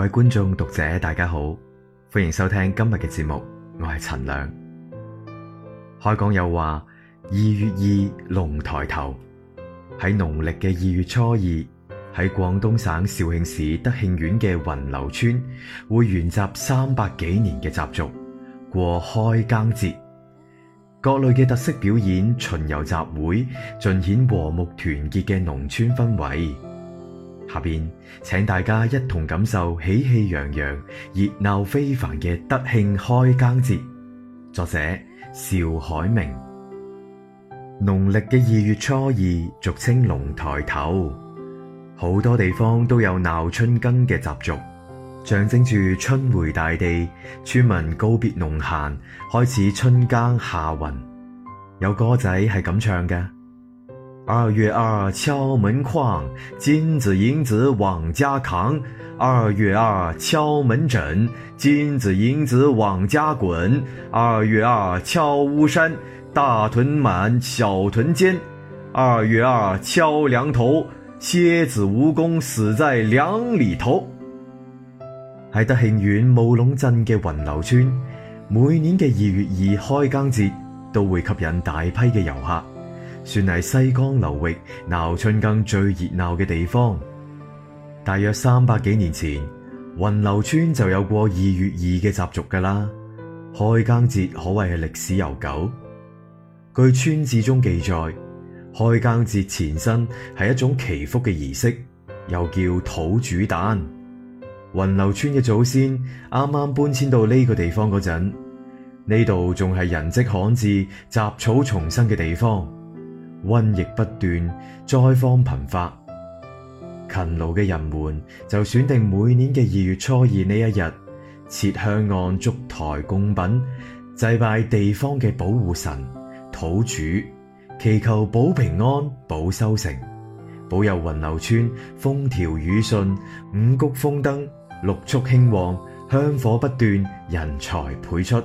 各位觀眾讀者，大家好，歡迎收聽今日嘅節目，我係陳亮。開講又話，二月二龍抬頭，喺農曆嘅二月初二，喺廣東省肇慶市德慶縣嘅雲樓村會沿襲三百幾年嘅習俗，過開耕節。各類嘅特色表演、巡遊集會，盡顯和睦團結嘅農村氛圍。下邊，請大家一同感受喜氣洋洋、熱鬧非凡嘅德慶開耕節。作者：邵海明。農曆嘅二月初二，俗稱龍抬頭，好多地方都有鬧春耕嘅習俗，象徵住春回大地，村民告別農閒，開始春耕夏耘。有歌仔係咁唱嘅。二月二敲門框，金子銀子往家扛；二月二敲門枕，金子銀子往家滾；二月二敲屋山，大屯滿，小屯尖；二月二敲梁頭，蠍子蜈蚣死在梁裏頭。喺德慶縣武壟鎮嘅雲樓村，每年嘅二月二開耕節，都會吸引大批嘅遊客。算係西江流域鬧春耕最熱鬧嘅地方。大約三百幾年前，雲樓村就有過二月二嘅習俗噶啦。開耕節可謂係歷史悠久。據村志中記載，開耕節前身係一種祈福嘅儀式，又叫土主誕。雲樓村嘅祖先啱啱搬遷到呢個地方嗰陣，呢度仲係人跡罕至、雜草叢生嘅地方。瘟疫不斷，災荒頻發，勤勞嘅人們就選定每年嘅二月初二呢一日，設香案、燭台、供品，祭拜地方嘅保護神、土主，祈求保平安、保收成、保佑雲樓村風調雨順、五穀豐登、六畜興旺，香火不斷，人才輩出。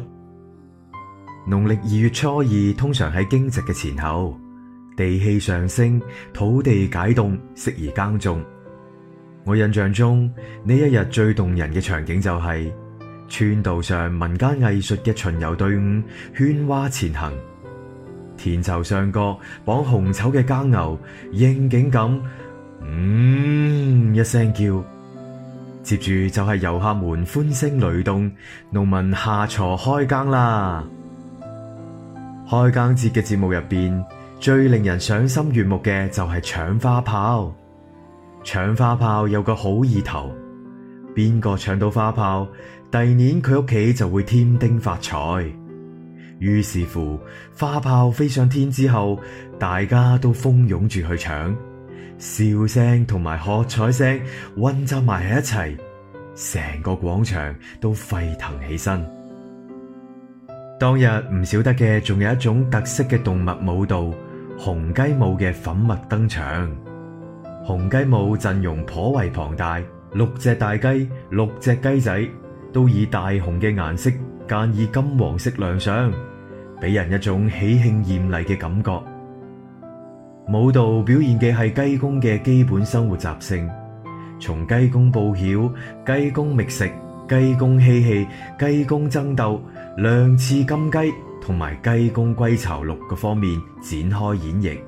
農曆二月初二通常喺驚蟄嘅前後。地氣上升，土地解凍，適宜耕種。我印象中呢一日最動人嘅場景就係、是、村道上民間藝術嘅巡遊隊伍喧嘩前行，田疇上角綁紅綢嘅耕牛應景咁，嗯一聲叫，接住就係遊客們歡聲雷動，農民下鋤開耕啦。開耕節嘅節目入邊。最令人賞心悅目嘅就係搶花炮，搶花炮有個好意頭，邊個搶到花炮，第二年佢屋企就會添丁發財。於是乎，花炮飛上天之後，大家都蜂擁住去搶，笑聲同埋喝彩聲混集埋喺一齊，成個廣場都沸騰起身。當日唔少得嘅，仲有一種特色嘅動物舞蹈。紅雞舞嘅粉墨登場，雄雞舞陣容頗為龐大，六隻大雞、六隻雞仔都以大紅嘅顏色，間以金黃色亮相，俾人一種喜慶艷麗嘅感覺。舞蹈表現嘅係雞公嘅基本生活習性，從雞公報曉、雞公覓食、雞公嬉戲、雞公爭鬥，亮翅金雞，同埋雞公歸巢六個方面展開演繹，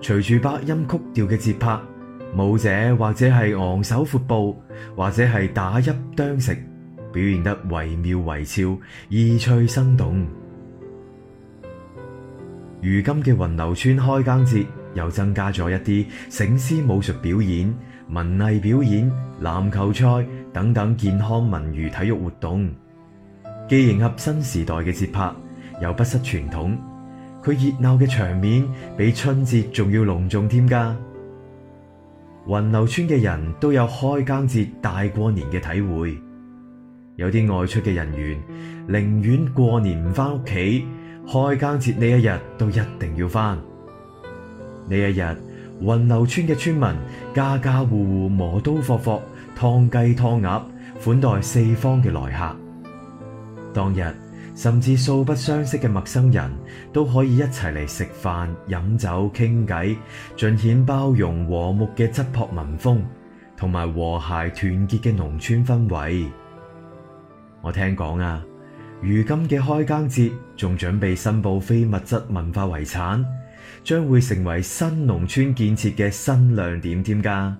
隨住八音曲調嘅節拍，舞者或者係昂首闊步，或者係打揖啄食，表現得惟妙惟肖、意趣生動。如今嘅雲樓村開耕節又增加咗一啲醒獅武術表演、文藝表演、籃球賽等等健康文娛體育活動，既迎合新時代嘅節拍。又不失傳統，佢熱鬧嘅場面比春節仲要隆重添。加。雲樓村嘅人都有開耕節大過年嘅體會，有啲外出嘅人員寧願過年唔返屋企，開耕節呢一日都一定要返。呢一日雲樓村嘅村民家家戶戶磨刀霍霍，劏雞劏鴨，款待四方嘅來客。當日，甚至素不相識嘅陌生人都可以一齊嚟食飯、飲酒、傾偈，盡顯包容和睦嘅質樸民風，同埋和諧團結嘅農村氛圍。我聽講啊，如今嘅開耕節仲準備申報非物質文化遺產，將會成為新農村建設嘅新亮點添㗎。